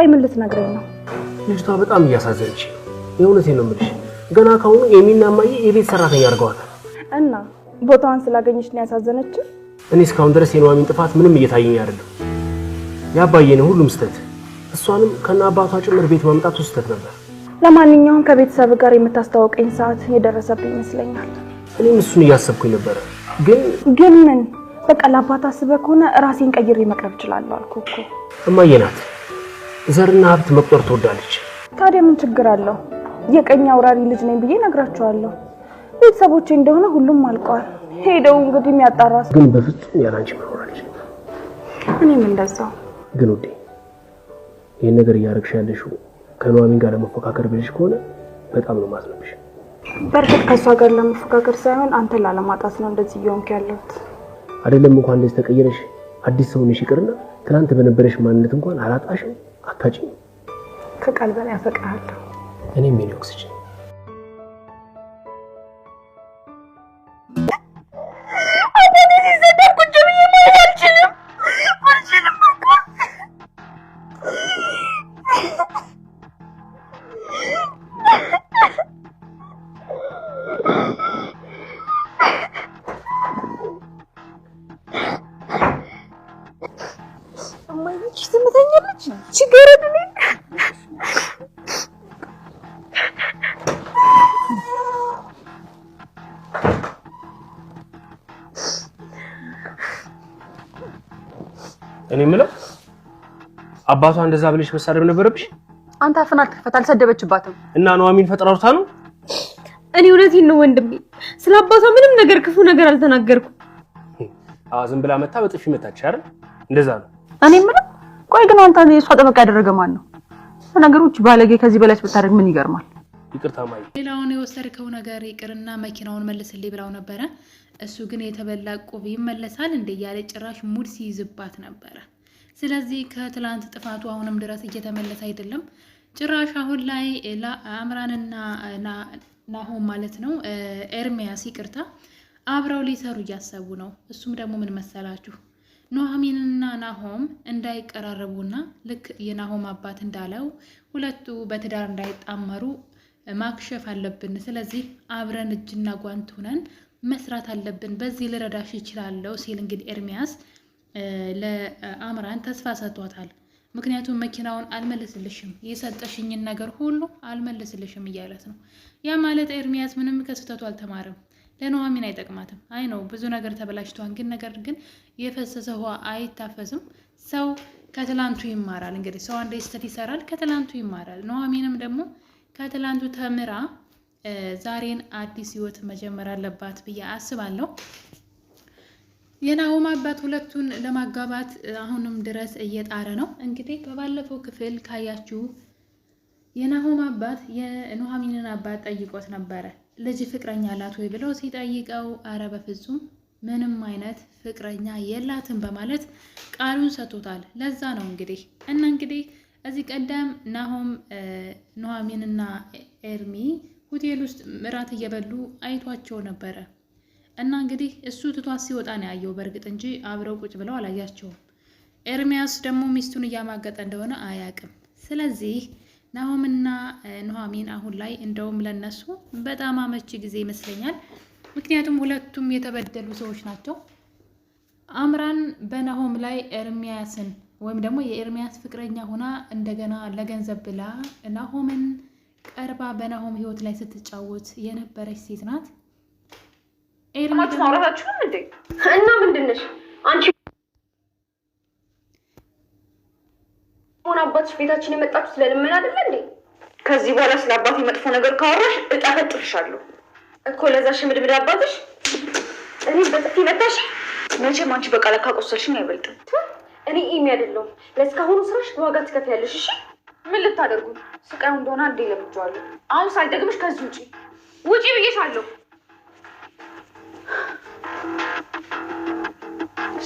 ቆይ ምን ልትነግረኝ ነው? ልጅቷ በጣም እያሳዘነች ነው። የእውነቴን ነው የምልሽ። ገና ከአሁኑ የሚና እማዬ የቤት ሰራተኛ አድርገዋታል። እና ቦታዋን ስላገኘች ነው ያሳዘነች? እኔ እስካሁን ድረስ የኑሐሚን ጥፋት ምንም እየታየኝ አይደለም። ያባዬ ነው ሁሉም ስህተት፣ እሷንም ከነ አባቷ ጭምር ቤት ማምጣቱ ስህተት ነበር። ለማንኛውም ከቤተሰብ ጋር የምታስተዋውቀኝ ሰዓት የደረሰብኝ ይመስለኛል። እኔም እሱን እያሰብኩኝ ነበረ። ግን ግን ምን በቃ ለአባት አስበህ ከሆነ ራሴን ቀይሬ መቅረብ እችላለሁ አልኩህ እኮ እማዬ ናት ዘርና ሀብት መቁጠር ትወዳለች። ታዲያ ምን ችግር አለው? የቀኝ አውራሪ ልጅ ነኝ ብዬ ነግራቸዋለሁ። ቤተሰቦቼ እንደሆነ ሁሉም አልቀዋል። ሄደው እንግዲህ የሚያጣራ ግን በፍጹም ያላንቺ መኖራለች። እኔም እንደዛው። ግን ውዴ ይህን ነገር እያደረግሽ ያለሽው ከኑሐሚን ጋር ለመፎካከር ብልሽ ከሆነ በጣም ነው ማዝነብሽ። በእርግጥ ከእሷ ጋር ለመፎካከር ሳይሆን አንተን ላለማጣት ነው እንደዚህ እየሆንክ ያለሁት። አይደለም እንኳን እንደዚህ ተቀየረሽ አዲስ ሰውነሽ ይቅርና ትናንት በነበረሽ ማንነት እንኳን አላጣሽም። አታጭኝ። ከቃል በላይ አፈቅርሃለሁ። እኔ ሚኒ ኦክሲጅን እኔ የምለው አባቷ እንደዛ ብለሽ መሳደብ ነበረብሽ። አንተ አፍን አትክፈት፣ አልሰደበችባትም እና ኑሐሚን ፈጥራ ነው። እኔ እውነቴን ነው ወንድሜ፣ ስለ አባቷ ምንም ነገር ክፉ ነገር አልተናገርኩም። አዎ ዝም ብላ መታ በጥፊ መታች አይደል? እንደዛ ነው። እኔ የምለው ቆይ ግን አንተ እሷ ጠበቃ ያደረገ ማን ነው? ነገሮች ባለጌ ከዚህ በላይ ብታደርግ ምን ይገርማል? ይቅርታ ማይ ሌላውን የወሰድከው ነገር ይቅርና መኪናውን መልስልኝ ብላው ነበረ። እሱ ግን የተበላ ቁብ ይመለሳል እንደ እያለ ጭራሽ ሙድ ሲይዝባት ነበረ። ስለዚህ ከትላንት ጥፋቱ አሁንም ድረስ እየተመለሰ አይደለም። ጭራሽ አሁን ላይ አምራንና ናሆም ማለት ነው ኤርሚያስ ይቅርታ አብረው ሊሰሩ እያሰቡ ነው። እሱም ደግሞ ምን መሰላችሁ ኑሐሚንና ናሆም እንዳይቀራረቡና ልክ የናሆም አባት እንዳለው ሁለቱ በትዳር እንዳይጣመሩ ማክሸፍ አለብን። ስለዚህ አብረን እጅና ጓንት ሆነን መስራት አለብን። በዚህ ልረዳሽ ይችላለው ሲል እንግዲህ ኤርሚያስ ለአምራን ተስፋ ሰጥቷታል። ምክንያቱም መኪናውን አልመልስልሽም፣ የሰጠሽኝን ነገር ሁሉ አልመልስልሽም እያለት ነው። ያ ማለት ኤርሚያስ ምንም ከስህተቱ አልተማረም። ለኑሐሚን አይጠቅማትም። አይ ነው ብዙ ነገር ተበላሽቷን፣ ግን ነገር ግን የፈሰሰ ውሃ አይታፈስም። ሰው ከትላንቱ ይማራል። እንግዲህ ሰው አንዴ ስህተት ይሰራል፣ ከትላንቱ ይማራል። ኑሐሚንም ደግሞ ከትላንቱ ተምራ ዛሬን አዲስ ህይወት መጀመር አለባት ብዬ አስባለሁ። የናሆም አባት ሁለቱን ለማጋባት አሁንም ድረስ እየጣረ ነው። እንግዲህ በባለፈው ክፍል ካያችሁ የናሆም አባት የኑሐሚንን አባት ጠይቆት ነበረ። ልጅ ፍቅረኛ አላት ወይ ብለው ሲጠይቀው አረ በፍጹም ምንም አይነት ፍቅረኛ የላትም በማለት ቃሉን ሰጥቶታል። ለዛ ነው እንግዲህ እና እንግዲህ ከዚህ ቀደም ናሆም ኑሐሚንና ኤርሚ ሆቴል ውስጥ እራት እየበሉ አይቷቸው ነበረ እና እንግዲህ እሱ ትቷት ሲወጣ ነው ያየው በእርግጥ እንጂ አብረው ቁጭ ብለው አላያቸውም። ኤርሚያስ ደግሞ ሚስቱን እያማገጠ እንደሆነ አያውቅም። ስለዚህ ናሆምና ኑሐሚን አሁን ላይ እንደውም ለነሱ በጣም አመቺ ጊዜ ይመስለኛል። ምክንያቱም ሁለቱም የተበደሉ ሰዎች ናቸው። አምራን በናሆም ላይ ኤርሚያስን ወይም ደግሞ የኤርሚያስ ፍቅረኛ ሆና እንደገና ለገንዘብ ብላ ናሆምን ቀርባ በናሆም ህይወት ላይ ስትጫወት የነበረች ሴት ናት። ማውራታችሁም እንዴ እና ምንድን አንቺ? ሆነ አባትሽ ቤታችን የመጣችሁ ስለልመን አይደለ እንዴ? ከዚህ በኋላ ስለ አባት መጥፎ ነገር ካወራሽ እጣፈጥፍሻለሁ እኮ ለዛ ሽምድምድ አባትሽ እኔ በጥፊ መታሽ መቼም አንቺ በቃ ለካ ቆሰልሽኝ አይበልጥም። እኔ ኢሚ አይደለሁም። ለእስካሁኑ ስራሽ በዋጋ ትከፍያለሽ። እሺ ምን ልታደርጉ ስቃዩ እንደሆነ አንዴ ለምጄዋለሁ። አሁን ሳልደግምሽ ከዚህ ውጪ ውጪ ብዬሻለሁ።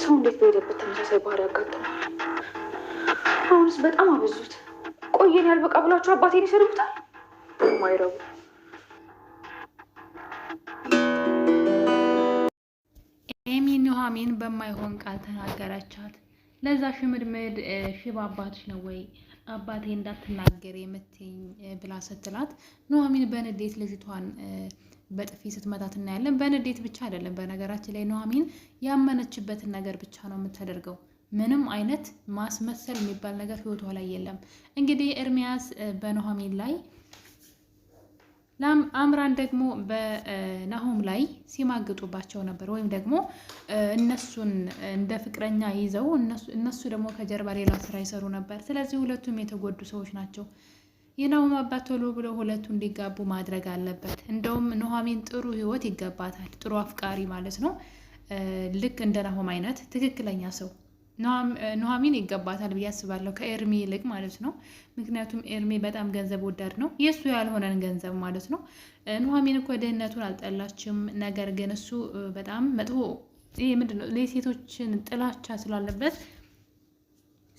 ሰው እንዴት በሄደበት ተመሳሳይ ባህሪ ያጋጥማል። አሁንስ በጣም አበዙት። ቆየን ያልበቃ ብሏቸው አባቴን ይሰርቡታል ማይረቡ ኑሐሚን በማይሆን ቃል ተናገረቻት። ለዛ ሽምድምድ ሽባ አባትሽ ነው ወይ አባቴ እንዳትናገር የምትኝ ብላ ስትላት ኑሐሚን በንዴት ልጅቷን በጥፊ ስትመታት እናያለን። በንዴት ብቻ አይደለም፣ በነገራችን ላይ ኑሐሚን ያመነችበትን ነገር ብቻ ነው የምታደርገው። ምንም አይነት ማስመሰል የሚባል ነገር ህይወቷ ላይ የለም። እንግዲህ ኤርሚያስ በኑሐሚን ላይ አምራን ደግሞ በናሆም ላይ ሲማግጡባቸው ነበር። ወይም ደግሞ እነሱን እንደ ፍቅረኛ ይዘው እነሱ ደግሞ ከጀርባ ሌላ ስራ ይሰሩ ነበር። ስለዚህ ሁለቱም የተጎዱ ሰዎች ናቸው። የናሆም አባት ቶሎ ብሎ ሁለቱ እንዲጋቡ ማድረግ አለበት። እንደውም ኑሐሚን ጥሩ ህይወት ይገባታል። ጥሩ አፍቃሪ ማለት ነው። ልክ እንደ ናሆም አይነት ትክክለኛ ሰው ኑሐሚን ይገባታል ብዬ አስባለሁ፣ ከኤርሚ ይልቅ ማለት ነው። ምክንያቱም ኤርሚ በጣም ገንዘብ ወዳድ ነው፣ የእሱ ያልሆነን ገንዘብ ማለት ነው። ኑሐሚን እኮ ድህነቱን አልጠላችም፣ ነገር ግን እሱ በጣም መጥፎ ይሄ ምንድን ነው ለሴቶችን ጥላቻ ስላለበት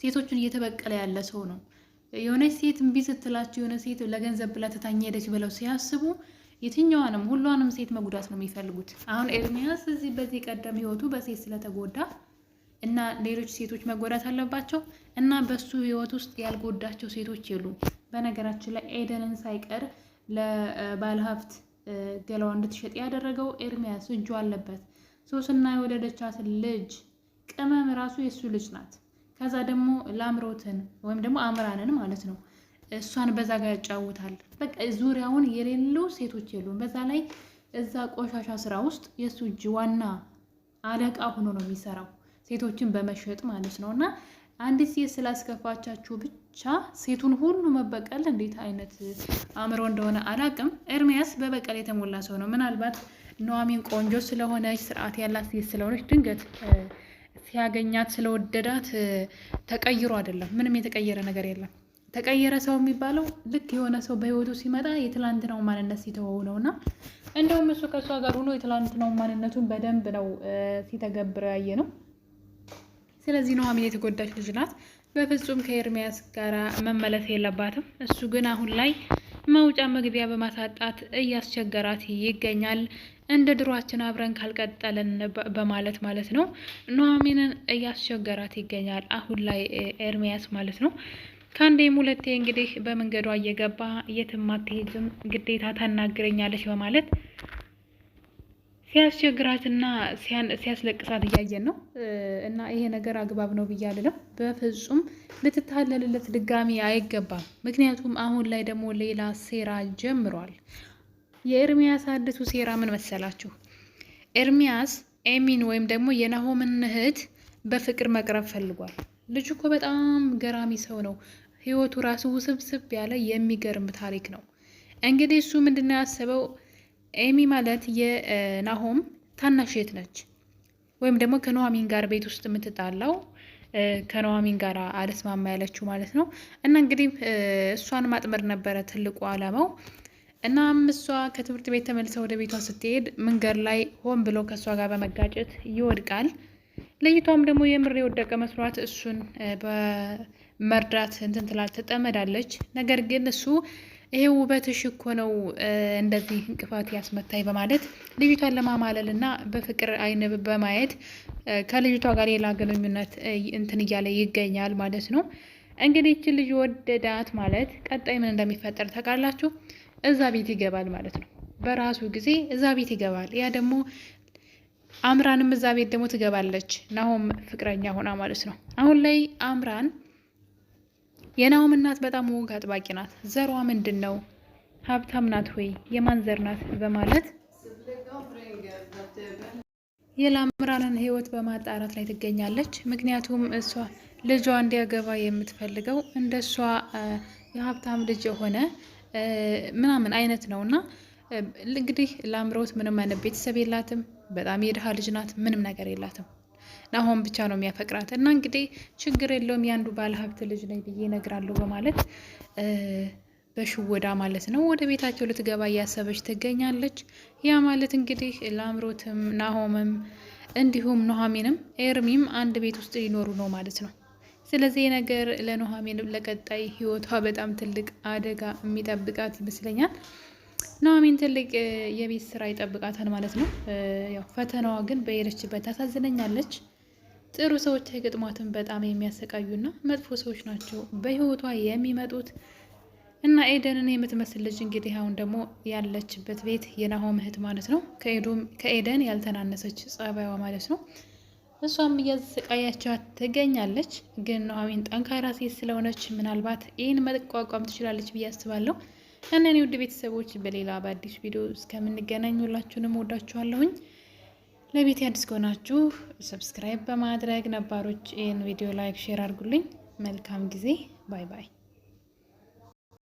ሴቶችን እየተበቀለ ያለ ሰው ነው። የሆነ ሴት እምቢ ስትላቸው የሆነ ሴት ለገንዘብ ብላ ትታኝ ሄደች ብለው ሲያስቡ የትኛዋንም ሁሏንም ሴት መጉዳት ነው የሚፈልጉት። አሁን ኤርሚያስ እዚህ በዚህ ቀደም ህይወቱ በሴት ስለተጎዳ እና ሌሎች ሴቶች መጎዳት አለባቸው እና በሱ ህይወት ውስጥ ያልጎዳቸው ሴቶች የሉ። በነገራችን ላይ ኤደንን ሳይቀር ለባለሀብት ገላዋ እንድትሸጥ ያደረገው ኤርሚያስ እጁ አለበት። ሶስና የወለደቻትን ልጅ ቅመም ራሱ የእሱ ልጅ ናት። ከዛ ደግሞ ላምሮትን ወይም ደግሞ አምራንን ማለት ነው እሷን በዛ ጋር ያጫውታል። በቃ ዙሪያውን የሌሉ ሴቶች የሉም። በዛ ላይ እዛ ቆሻሻ ስራ ውስጥ የእሱ እጅ ዋና አለቃ ሆኖ ነው የሚሰራው። ሴቶችን በመሸጥ ማለት ነው። እና አንዲት ሴት ስላስከፋቻችሁ ብቻ ሴቱን ሁሉ መበቀል እንዴት አይነት አእምሮ እንደሆነ አላቅም። ኤርሚያስ በበቀል የተሞላ ሰው ነው። ምናልባት ኑሐሚን ቆንጆ ስለሆነች ስርዓት ያላት ሴት ስለሆነች ድንገት ሲያገኛት ስለወደዳት ተቀይሮ አይደለም። ምንም የተቀየረ ነገር የለም። ተቀየረ ሰው የሚባለው ልክ የሆነ ሰው በህይወቱ ሲመጣ የትላንትናው ማንነት ሲተወው ነው እና እንደውም እሱ ከእሷ ጋር ሆኖ የትላንትናው ማንነቱን በደንብ ነው ሲተገብረው ያየ ነው። ስለዚህ ኑሐሚን የተጎዳች ልጅ ናት። በፍጹም ከኤርሚያስ ጋር መመለስ የለባትም። እሱ ግን አሁን ላይ መውጫ መግቢያ በማሳጣት እያስቸገራት ይገኛል። እንደ ድሯችን አብረን ካልቀጠለን በማለት ማለት ነው ኑሐሚንን እያስቸገራት ይገኛል። አሁን ላይ ኤርሚያስ ማለት ነው ከአንዴም ሁለቴ እንግዲህ በመንገዷ እየገባ የትም አትሄጂም፣ ግዴታ ታናግረኛለች በማለት ሲያስቸግራትና ሲያስለቅሳት እያየን ነው። እና ይሄ ነገር አግባብ ነው ብዬ አልልም። በፍጹም ልትታለልለት ድጋሚ አይገባም። ምክንያቱም አሁን ላይ ደግሞ ሌላ ሴራ ጀምሯል። የኤርሚያስ አዲሱ ሴራ ምን መሰላችሁ? ኤርሚያስ ኤሚን ወይም ደግሞ የናሆምን እህት በፍቅር መቅረብ ፈልጓል። ልጁ እኮ በጣም ገራሚ ሰው ነው። ህይወቱ ራሱ ውስብስብ ያለ የሚገርም ታሪክ ነው። እንግዲህ እሱ ምንድነው ያሰበው ኤሚ ማለት የናሆም ታናሽ እህት ነች፣ ወይም ደግሞ ከኑሐሚን ጋር ቤት ውስጥ የምትጣላው ከኑሐሚን ጋር አለስማማ ያለችው ማለት ነው። እና እንግዲህ እሷን ማጥመር ነበረ ትልቁ አላማው እናም እሷ ከትምህርት ቤት ተመልሰ ወደ ቤቷ ስትሄድ መንገድ ላይ ሆን ብሎ ከእሷ ጋር በመጋጨት ይወድቃል። ልጅቷም ደግሞ የምር የወደቀ መስሏት እሱን በመርዳት እንትን ትላለች፣ ትጠመዳለች። ነገር ግን እሱ ይሄ ውበትሽ እኮ ነው እንደዚህ እንቅፋት ያስመታኝ በማለት ልጅቷን ለማማለል እና በፍቅር አይን በማየት ከልጅቷ ጋር ሌላ ግንኙነት እንትን እያለ ይገኛል ማለት ነው። እንግዲህ ይቺ ልጅ ወደዳት ማለት ቀጣይ ምን እንደሚፈጠር ታውቃላችሁ። እዛ ቤት ይገባል ማለት ነው። በራሱ ጊዜ እዛ ቤት ይገባል። ያ ደግሞ አምራንም እዛ ቤት ደግሞ ትገባለች ናሆም ፍቅረኛ ሆና ማለት ነው። አሁን ላይ አምራን የናሆም እናት በጣም ወግ አጥባቂ ናት። ዘሯ ምንድን ነው? ሀብታም ናት ወይ? የማን ዘር ናት? በማለት የላምራንን ህይወት በማጣራት ላይ ትገኛለች። ምክንያቱም እሷ ልጇ እንዲያገባ የምትፈልገው እንደ እሷ የሀብታም ልጅ የሆነ ምናምን አይነት ነው እና እንግዲህ ላምሮት ምንም አይነት ቤተሰብ የላትም። በጣም የድሃ ልጅ ናት። ምንም ነገር የላትም። ናሆም ብቻ ነው የሚያፈቅራት እና እንግዲህ ችግር የለውም ያንዱ ባለሀብት ልጅ ነኝ ብዬ እነግራለሁ በማለት በሽወዳ ማለት ነው ወደ ቤታቸው ልትገባ እያሰበች ትገኛለች። ያ ማለት እንግዲህ ለአምሮትም ናሆምም እንዲሁም ኑሐሚንም ኤርሚም አንድ ቤት ውስጥ ሊኖሩ ነው ማለት ነው። ስለዚህ ነገር ለኑሐሚን ለቀጣይ ህይወቷ በጣም ትልቅ አደጋ የሚጠብቃት ይመስለኛል። ኑሐሚን ትልቅ የቤት ስራ ይጠብቃታል ማለት ነው። ያው ፈተናዋ ግን በሄደችበት ታሳዝነኛለች። ጥሩ ሰዎች አይገጥሟትም። በጣም የሚያሰቃዩና መጥፎ ሰዎች ናቸው በህይወቷ የሚመጡት እና ኤደንን የምትመስል ልጅ እንግዲህ አሁን ደግሞ ያለችበት ቤት የናሆም እህት ማለት ነው። ከኤደን ያልተናነሰች ጸባይዋ ማለት ነው። እሷም እያሰቃያቻት ትገኛለች። ግን ኑሐሚን ጠንካራ ሴት ስለሆነች ምናልባት ይህን መቋቋም ትችላለች ብዬ አስባለሁ። እነኔ ውድ ቤተሰቦች በሌላ በአዲስ ቪዲዮ እስከምንገናኝ ሁላችሁንም ወዳችኋለሁኝ። ለቤት አዲስ ከሆናችሁ ሰብስክራይብ በማድረግ ነባሮች ይህን ቪዲዮ ላይክ፣ ሼር አድርጉልኝ። መልካም ጊዜ። ባይ ባይ።